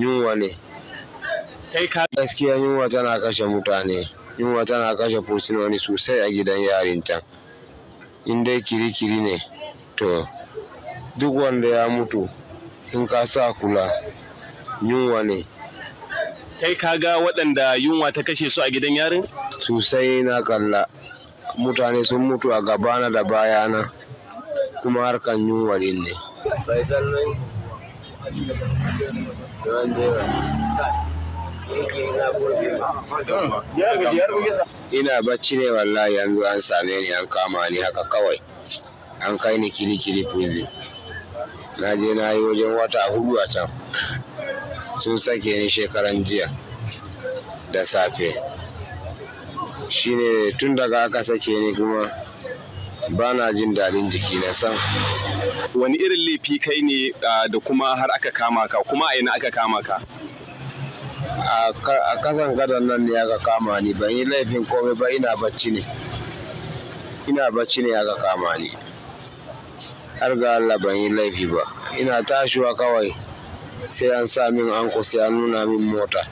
Yunwa ne. Gaskiya yunwa tana kashe mutane. Yunwa tana kashe fursunoni sosai a gidan yarin can. In dai kirikiri ne to duk wanda ya mutu in ka sa kula yunwa ne. Kai ka ga waɗanda yunwa ta kashe su a gidan yarin? Sosai na kalla. Mutane sun mutu a gabana da bayana kuma harkan yunwa din ne. Ina bacci ne wallahi yanzu an same ni an kama ni haka kawai. An kai ni kiri-kiri prison. Na je na yi wajen wata hudu a can. Sun sake ni shekaran jiya da safe. Shi ne tun daga aka sake ni kuma. ba na jin daɗin jiki na san. wani irin laifi kai ne da kuma har aka kama ka kuma a ina aka kama ka a kasan gadon nan ne aka kama ni ban yi laifin komai ba ina bacci ne ina bacci ne aka kama ni har ga Allah ban yi laifi ba ina tashiwa kawai sai an sa min anko sai an nuna min mota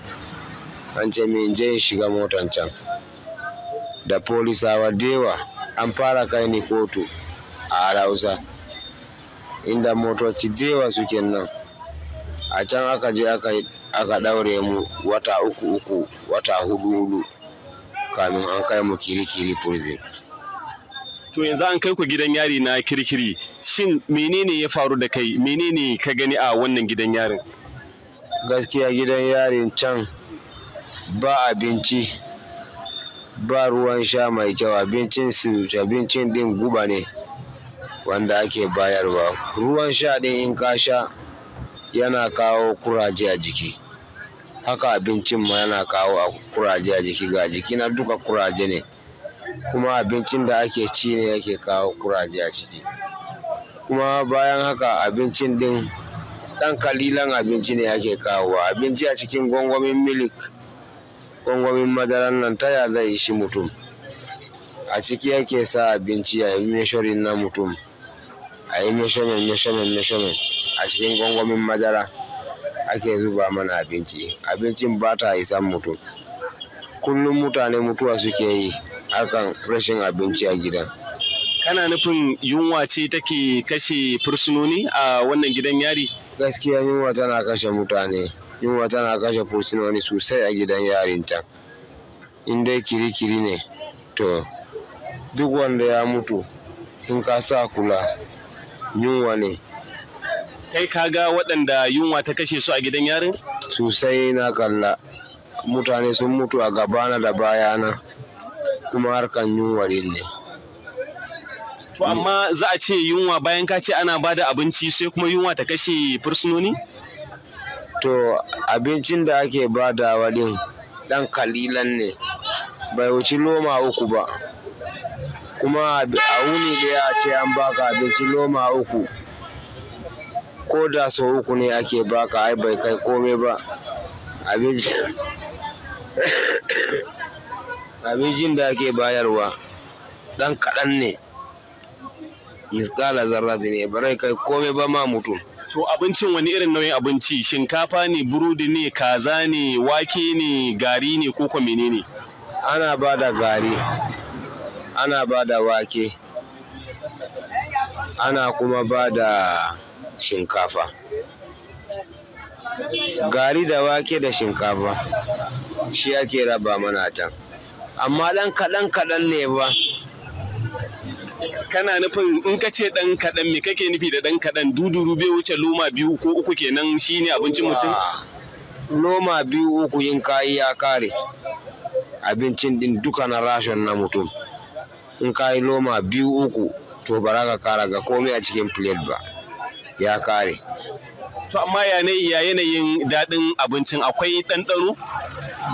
an ce min je shiga motan can da polisawa dewa an fara kai ni kotu a harausa inda motoci dewa suke nan a can aka je aka daure mu wata uku uku wata hudu hudu kamin an kai mu kirikiri prison to yanzu an kai ku gidan yari na kirikiri shin menene ya faru da kai menene ka gani a wannan gidan yarin gaskiya gidan yarin can ba abinci ba ruwan sha mai kyau abincin su abincin din guba ne wanda ake bayarwa ruwan sha din in ka sha yana kawo kuraje a jiki haka abincin ma yana kawo kuraje a jiki ga jiki na duka kuraje ne kuma abincin da ake ci ne yake kawo kuraje a ciki kuma bayan haka abincin din ɗan kalilan abinci ne ake kawo abinci a cikin gwangwamin milik gwangwamin madaran nan taya zai ishi mutum a ciki yake sa abinci a yi meshorin na mutum a yi meshomen meshomen meshomen a cikin gwangwamin madara ake zuba mana abinci abincin ba ta isan mutum kullum mutane mutuwa suke yi harkan rashin abinci a gidan kana nufin yunwa ce take kashe fursunoni a wannan gidan yari gaskiya yunwa tana kashe mutane yunwa tana kashe wani sosai a gidan yarin can in dai kirikiri ne to duk wanda ya mutu in ka sa kula yunwa ne kai ka ga waɗanda yunwa ta kashe su a gidan yarin sosai na kalla mutane sun mutu a gabana da bayana kuma harkan yunwa ne to amma za a ce yunwa bayan ka ce ana ba da abinci sai kuma yunwa ta kashe fursunoni to abincin da ake da din ɗan kalilan ne bai wuci loma uku ba kuma a wuni ɗaya a ce an baka abinci loma uku ko da sau uku ne ake baka ai bai kai kome ba abincin da ake bayarwa ɗan kaɗan ne miskala zarra ne barai kai kome ba ma mutum To abincin wani irin nauyin abinci shinkafa ne burudi ne kaza ne wake ne gari ne ko menene ne? Ana ba da gari, ana ba da wake, ana kuma ba da shinkafa. Gari da wake da shinkafa shi ake raba mana can. Amma ɗan kaɗan kaɗan ne ba. kana nufin in ka ce dan kaɗan me kake nufi da dan kaɗan duduru bai wuce loma biyu ko uku kenan shine abincin mutum loma biyu uku yin kayi ya kare abincin din duka na rashon na mutum in kayi loma biyu uku to bara ka kara ga komai a cikin plate ba ya kare to amma ya ne ya yanayin daɗin abincin akwai ɗanɗano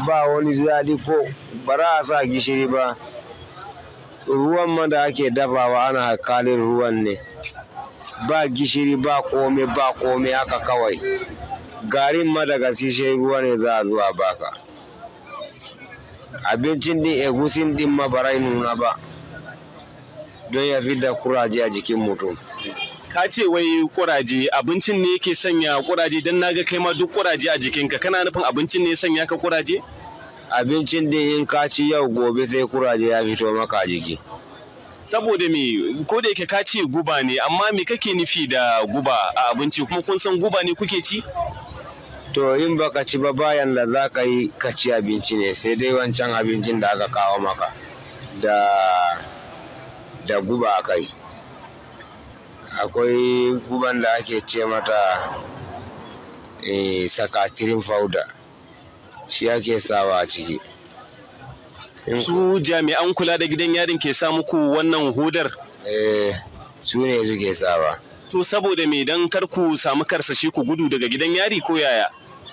ba wani daɗi ko bara a sa gishiri ba ruwan ma da ake dafawa ana hakalin ruwan ne ba gishiri ba komai ba komai haka kawai garin ma daga sishe ruwa ne za a zuwa baka abincin din egusin din ma barai nuna ba don ya fi da kuraje a jikin mutum ka ce wai kuraje abincin ne yake sanya kuraje don naga kai ma duk kuraje a jikinka kana nufin abincin ne ya sanya ka kuraje abincin da in ka ci yau gobe sai kuraje ya fito maka jiki saboda me ko da yake ka ce guba ne amma me kake nufi da guba a abinci kuma kun san guba ne kuke ci to in baka ci ba bayan da za ka yi ka ci abinci ne sai dai wancan abincin da aka kawo maka da da guba a kai akwai guban da ake ce mata eh, sakatirin fauda shi ake sawa a ciki su jami'an kula da gidan yarin ke sa muku wannan hudar eh su ne suke sawa to saboda me dan kar ku samu karsashi ku gudu daga gidan yari ko yaya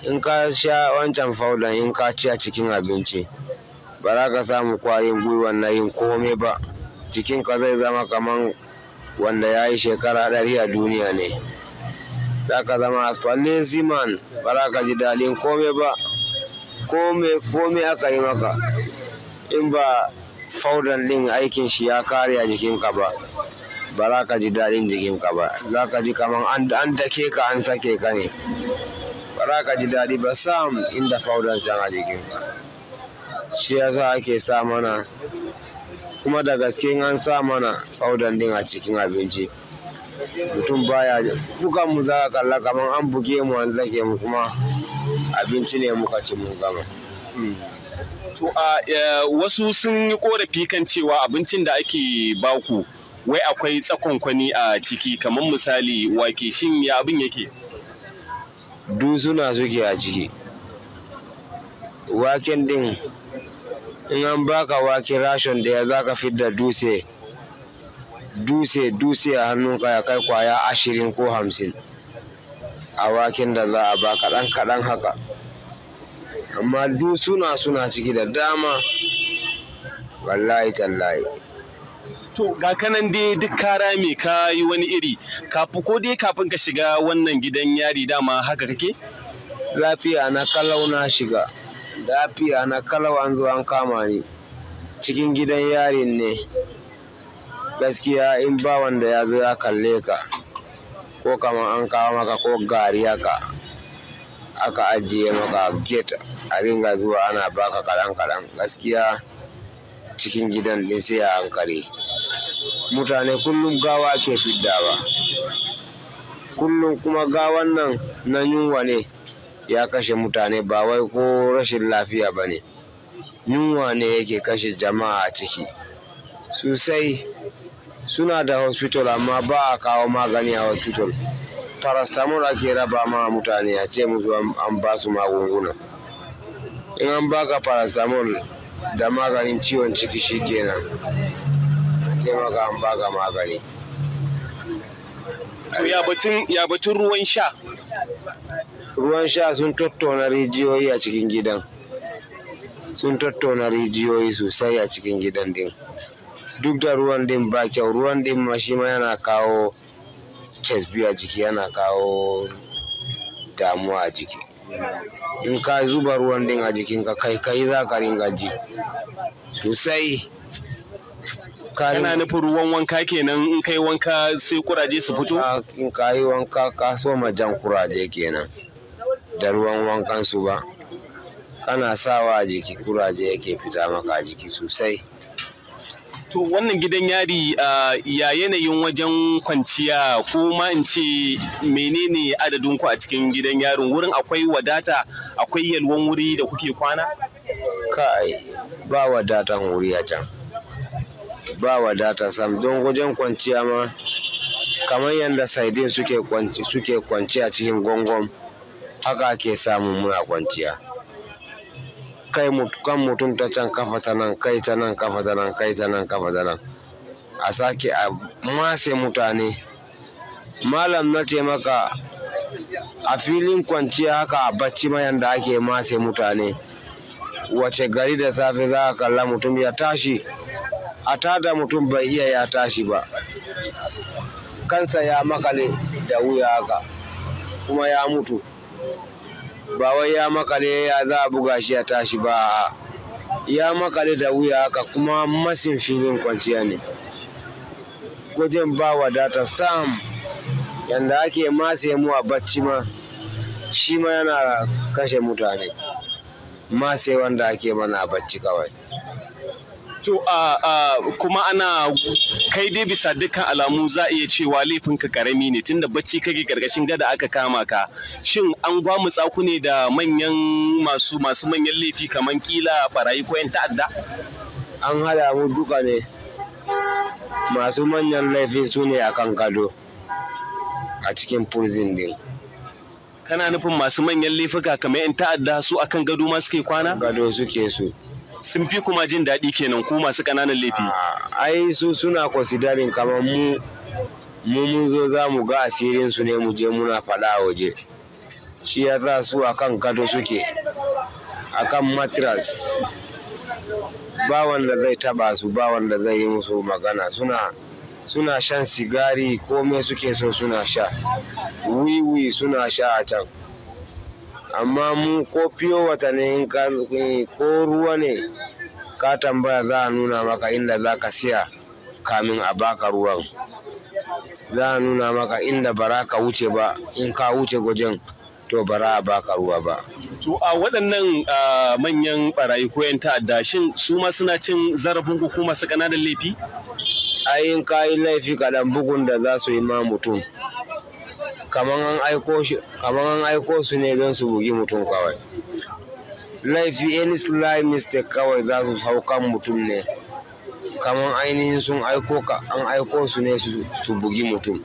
in ka sha wancan faulan in ka ci a cikin abinci ba za ka samu kwarin gwiwa na yin komai ba cikin ka zai zama kamar wanda ya yi shekara ɗari a duniya ne za ka zama asfalin siman ba za ka ji dalin komai ba ko me aka yi maka in ba faudan ɗin aikin shi ya kare a jikinka ba ba za ka ji daɗin jikinka ba za ka ji kamar an ke ka an sake ka ne ba za ka ji daɗi ba sam inda faudan can a jikinka shi ya sa ake sa mana kuma da gaske an sa mana faudan ɗin a cikin abinci mutum baya bukan mu za ka kalla kamar an buge mu an zake mu kuma abinci ne muka ci mun gama hmm. to a e, wasu sun yi korafi kan cewa abincin da ake baku wai akwai tsakonkwani a ciki kamar misali wake shin ya abin yake duzuna suke a ciki waken din in an baka wake rashon da ya za ka fidda dutse dutse dutse a hannunka ya kai kwaya ashirin ko hamsin a waken da za a baka ɗan kaɗan haka amma duk suna suna ciki da dama wallahi tallahi to ga kanan dai duk kara mai ka yi wani iri kafin ko dai kafin ka shiga wannan gidan yari dama haka kake lafiya na kalau na shiga lafiya na kalau an zo an kama ni cikin gidan yarin ne gaskiya in ba wanda ya zo ya kalle ka ko kama an kawo maka ko gari haka aka ajiye maka gate a ringa zuwa ana baka karan kaɗan gaskiya cikin gidan din sai a hankali mutane kullum gawa ke fidda fiddawa kullum kuma gawan nan na yunwa ne ya kashe mutane ba wai ko rashin lafiya ba ne yunwa ne yake kashe jama'a ciki sosai suna da hospital amma ba a kawo magani a hospital paracetamol ake raba ma mutane a ce musu an ba su magunguna in an baka paracetamol da maganin ciwon ciki shi kenan a ce maka an baka magani ya batun ruwan sha ruwan sha sun tattauna rijiyoyi a cikin gidan sun tattauna rijiyoyi sosai a cikin gidan din duk da ruwan din ba kyau ruwan din ma shi ma yana kawo chest biyu a jiki yana kawo damuwa a jiki in ka zuba ruwan din a ka kai kai za ka ringa ji sosai kana nufin ruwan wanka kenan in kai wanka sai kuraje su fito in ka yi wanka ka so ma jan kuraje kenan da ruwan wankan su ba kana sawa a jiki kuraje yake fita maka a jiki sosai To wannan gidan yari ya yanayin wajen kwanciya ko ma in ce menene adadin ku a cikin gidan yarin wurin akwai wadata akwai yalwan wuri da kuke kwana? Kai ba wadatan wuri a can. Ba wadata sam don wajen kwanciya ma kamar yadda saidin suke kwanciya cikin gongon haka ake samun muna kwanciya. kai kan mutum ta can kafa ta nan kai ta nan kafa ta nan kai ta nan kafa ta nan a sake a mase mutane malam na ce maka a filin kwanciya haka a bacci mayan da ake mase mutane wace gari da safe za a kalla mutum ya tashi a tada mutum bai iya ya tashi ba kansa ya makale da wuya haka kuma ya mutu ba wai ya makale ya za a buga shi ya tashi ba ya makale da wuya haka kuma masin filin kwanciya ne gudun ba wadata sam yanda ake masa mu a bacci ma shi ma yana kashe mutane masa wanda ake mana a bacci kawai To kuma ana kai dai bisa dukkan alamu za a iya cewa laifinka karami ne tunda bacci kake gargashin gada aka kama ka. Shin an gwamutsa ku ne da manyan masu masu manyan laifi kamar kila barayi ko 'yan ta'adda? An hada mu duka ne. Masu manyan laifi su ne a kan gado a cikin prison din. Kana nufin masu manyan laifuka kamar 'yan ta'adda su akan gado ma suke kwana? Gado suke su. sun fi kuma jin daɗi kenan ku masu ƙananan laifi ah, ai su suna considering kamar mu mu mun zo za mu ga asirin su ne mu je muna faɗa a waje shi ya sa su akan gado suke akan matras ba wanda zai taba su ba wanda zai yi musu magana suna suna shan sigari komai suke so suna sha wiwi suna sha a can amma mu ko fiyo wata ne ko ruwa ne ka tambaya za a nuna maka inda za ka siya kamin a baka ruwan za a nuna maka inda bara ka wuce ba in ka wuce gwajin to bara a baka ruwa ba to a waɗannan manyan barayi ko 'yan ta'adda shin su ma suna cin zarafin ku kuma su ƙananan laifi ayin kayi laifi kaɗan bugun da za su yi ma mutum kamar an aiko su ne don su bugi mutum kawai laifi any sly mistake kawai za su hau kan mutum ne kamar ainihin sun aiko ka an aiko su ne su bugi mutum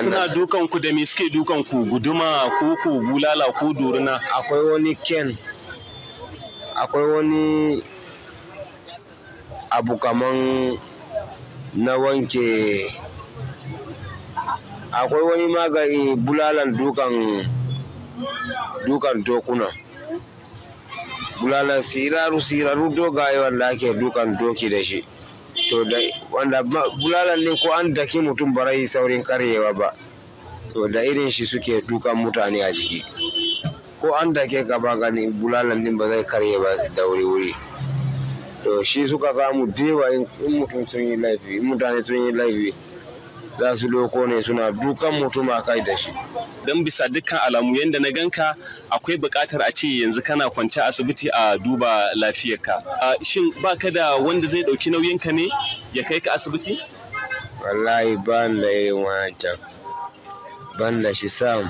suna dukan ku da me suke dukan ku guduma ko ku bulala ko duruna akwai wani ken akwai wani abu kaman na wanke akwai wani magani eh, bulalan dukan dukan dokuna bulalan siraru siraru dogaye wanda ake dukan doki da shi to da wanda bulalan ne ko an daki mutum ba saurin karyewa ba to da irin shi suke dukan mutane a jiki ko an dake gaba gani bulalan din ba zai karye ba da wuri wuri to shi suka samu dewa in mutum sun yi laifi mutane sun yi laifi za su loko ne suna dukan mutum a kai da shi don bisa dukkan alamu yadda na ganka akwai buƙatar a ce yanzu kana kwance asibiti a duba lafiyarka shin ka da wanda zai ɗauki nauyinka ne ya kai ka asibiti wallahi ba da irin wancan ban da shi sam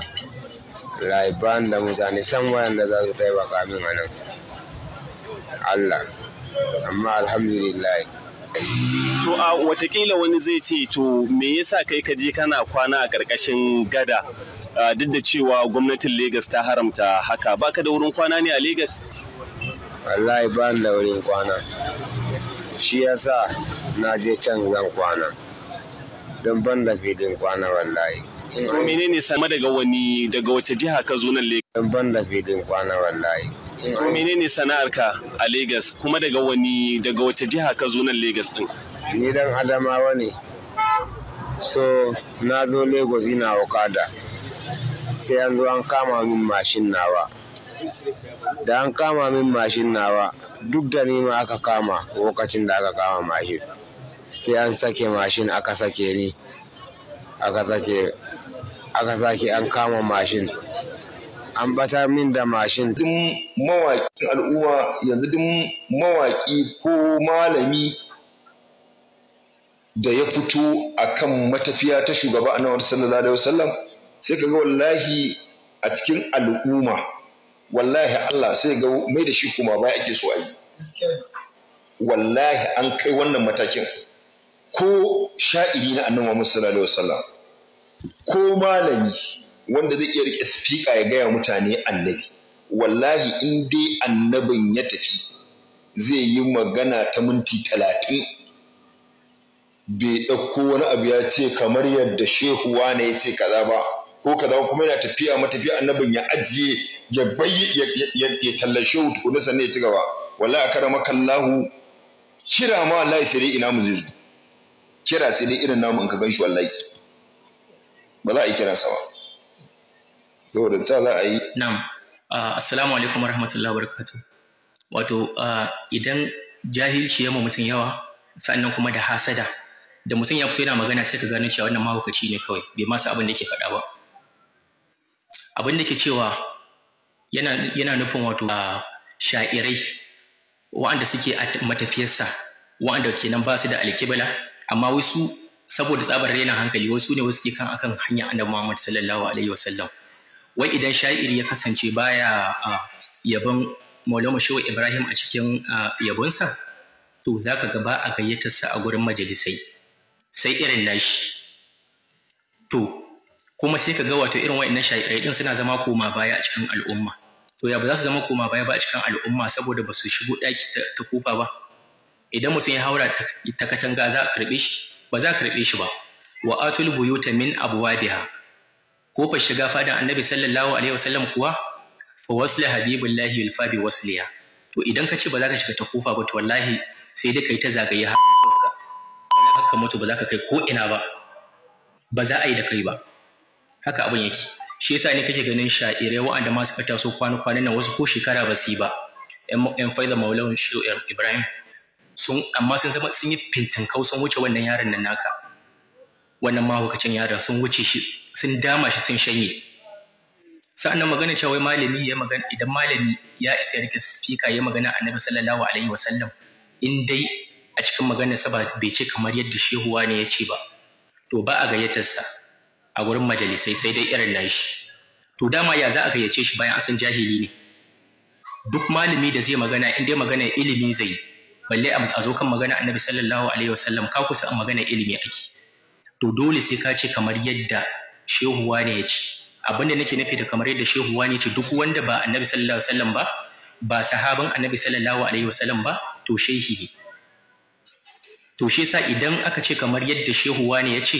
wallahi ba da mutane san wanda za su taimaka min a Allah amma alhamdulillah to a watakila wani zai ce to me yasa kai ka je kana kwana a ƙarƙashin gada duk da cewa gwamnatin Legas ta haramta haka baka da wurin kwana ne a Legas? Wallahi ba da wurin kwana. Shi yasa na je can zan kwana. Don ban da fidin kwana wallahi. To menene sama daga wani daga wace jiha ka zo nan Legas? Don ban da fidin kwana wallahi. To menene sana'arka a Legas kuma daga wani daga wace jiha ka zo nan Legas din? ni dan adamawa ne so na zo lagos ina okada sai an zo an kama min mashin nawa da an kama min mashin nawa duk da ni ma aka kama lokacin da aka kama mashin sai an sake mashin aka sake ni aka sake aka sake an kama mashin an bata min da mashin duk mawaƙi al'umma yanzu duk mawaƙi ko malami da ya fito a kan matafiya ta shugaba a nawar sallallahu alaihi wasallam sai ka ga wallahi a cikin al'umma wallahi Allah sai ga mai da shi kuma ba ake so a yi wallahi an kai wannan matakin ko sha'iri na annabi Muhammad sallallahu alaihi wasallam ko malami wanda zai iya rike speaker ya gaya mutane annabi wallahi in dai annabin ya tafi zai yi magana ta minti talatin bai ɗauko wani abu ya ce kamar yadda shehu wane ya ce kaza ba ko kaza kuma yana tafiya matafiya annabin ya ajiye ya bayyi ya tallashe tukuna ne ya ci gaba wallahi akramaka Allahu kira ma wallahi sai dai ina mu zai kira sai dai irin namu in ka ganshi wallahi ba za a yi kira sawa ba saboda ta za a yi na'am ah, assalamu alaikum warahmatullahi wabarakatuh wato ah, idan jahilci ya mutum yawa sannan kuma da hasada da mutum ya fito yana magana sai ka gano cewa wannan mahaukaci ne kawai bai masa abin da ke faɗa ba abin da ke cewa yana nufin wato ah, sha'irai wa'anda suke a matafiyarsa wa'anda kenan ba su da alkibla amma wasu saboda tsabar raina hankali wasu ne wasu ke kan akan hanyar annabi Muhammad sallallahu alaihi wasallam wai idan sha'iri ya kasance baya yabon Maulana Shehu Ibrahim a cikin yabonsa to zaka ga ba a sa a gurin majalisai sai irin nashi to kuma sai ka ga wato irin wa'annan shaye din suna zama koma baya a cikin al'umma to ya ba za su zama koma baya ba a cikin al'umma saboda ba su shigo daki ta kofa ba idan mutum ya haura ta katanga za a karɓe shi ba za a karɓe shi ba wa atul buyuta min abwabiha kofar shiga fadan annabi sallallahu alaihi wasallam kuwa fa wasla habibullahi yulfa bi wasliya to idan ka ce ba za ka shiga ta kofa ba to wallahi sai dai kai ta zagaye har haka mutu ba za ka kai ko ina ba ba za a yi da kai ba haka abin yake shi yasa ne kake ganin sha'irai wa'anda ma suka taso kwana kwana nan wasu ko shekara ba su yi ba yan faida maulawin shi ibrahim sun amma sun zama sun yi fintinkau sun wuce wannan yaron nan naka wannan mahaukacin yaron sun wuce shi sun dama shi sun shanye nan magana cewa malami ya magana idan malami ya isa ya rike speaker ya magana annabi sallallahu alaihi wasallam in dai a cikin maganarsa ba bai ce kamar yadda shehuwa ne ya ce ba to ba a gayyatarsa a gurin majalisai sai dai irin nashi to dama ya za a gayyace shi bayan asan jahili ne duk malami da zai magana in dai magana ilimi zai balle a zo kan magana annabi sallallahu alaihi wasallam ka kusa a magana ilimi ake to dole sai ka ce kamar yadda shehuwa ne ya ce abin da nake nufi da kamar yadda shehuwa ne ce duk wanda ba annabi sallallahu alaihi wasallam ba ba sahabin annabi sallallahu alaihi wasallam ba to shehi ne to shi yasa idan aka ce kamar yadda shehu wani ya ce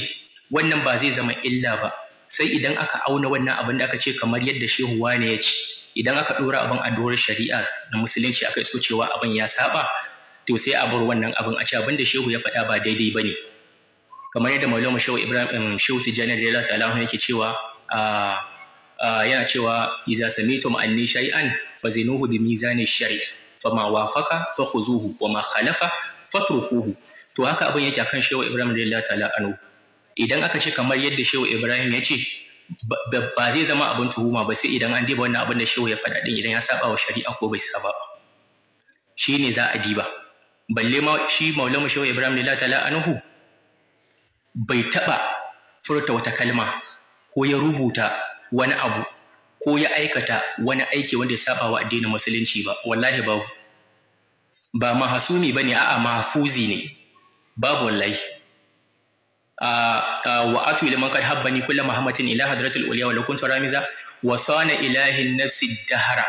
wannan ba zai zama illa ba sai idan aka auna wannan abin da aka ce kamar yadda shehu wani ya ce idan aka dora abin a dorar shari'a na musulunci aka iso cewa abin ya saba to sai a bar wannan abin a ce abin da shehu ya faɗa ba daidai ba ne kamar yadda maulama shehu ibrahim um, shehu tijjani da alahu yake cewa yana cewa iza samitum anni shay'an fazinuhu bi mizani shari' fama fa fakhuzuhu wa ma khalafa fatrukuhu to haka abin yake akan shehu ibrahim radiyallahu ta'ala anhu idan aka ce kamar yadda shehu ibrahim ya ce ba zai zama abin tuhuma ba sai idan an diba wannan abin da shehu ya faɗa din idan ya saba wa shari'a ko bai saba ba shine za a diba balle ma shi maulama shehu ibrahim radiyallahu ta'ala anhu bai taba furta wata kalma ko ya rubuta wani abu ko ya aikata wani aiki wanda ya saba wa addinin musulunci ba wallahi ba ba mahasumi bane a'a mahfuzi ne babu wallahi wa atu man qad habbani kullu muhammadin ila hadratil uliya wa lakuntu ramiza wa sana ilahin nafsi dahara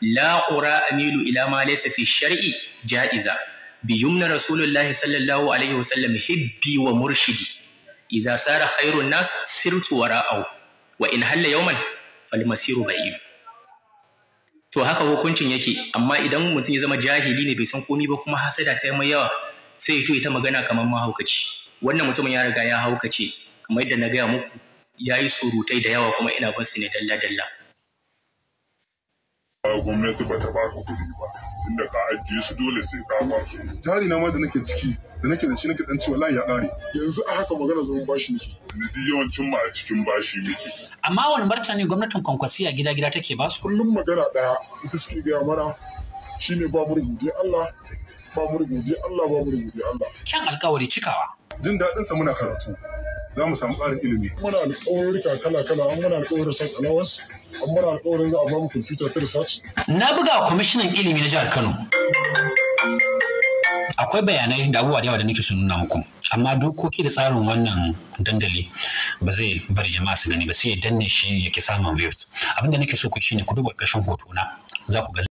la ura amilu ila ma laysa fi shar'i ja'iza bi yumna rasulullahi sallallahu alaihi sallam hibbi wa murshidi idza sara khairun nas sirtu wara'ahu wa in halla yawman falmasiru ba'id to haka hukuncin yake amma idan mutum ya zama jahili ne bai san komai ba kuma hasada ta yi mai yawa sai ya ita magana kamar mahaukaci wannan mutumin ya riga ya haukace kamar yadda na gaya muku ya yi surutai da yawa kuma ina barsu ne dalla-dalla. gwamnati ba ta ba ku kuɗi ba inda ka ajiye su dole sai ka ba su jari na ma da nake ciki da nake da shi nake dan cewa ya ƙare yanzu a haka magana zaman bashi nake ni duk yawancin ma a cikin bashi muke amma wani martani gwamnatin kwankwasiya gida-gida take ba su kullum magana daya ita suke gaya mana shine babu rubutu Allah babu gobe, Allah babu gobe, Allah kyan alkawari cikawa jin daɗin sa muna karatu za mu samu ƙarin ilimi muna alƙawarurruka kala kala an muna alƙawarin san allowance an muna alƙawarin za a ba mu computer ta research na buga kwamishinan ilimi na jihar Kano akwai bayanai da abubuwa da yawa da nake sun nuna muku amma dokoki da tsarin wannan dandali ba zai bari jama'a su gani ba sai ya danne shi ya ki samun views abin da nake so ku shine ku duba ƙarshen hoto na za ku ga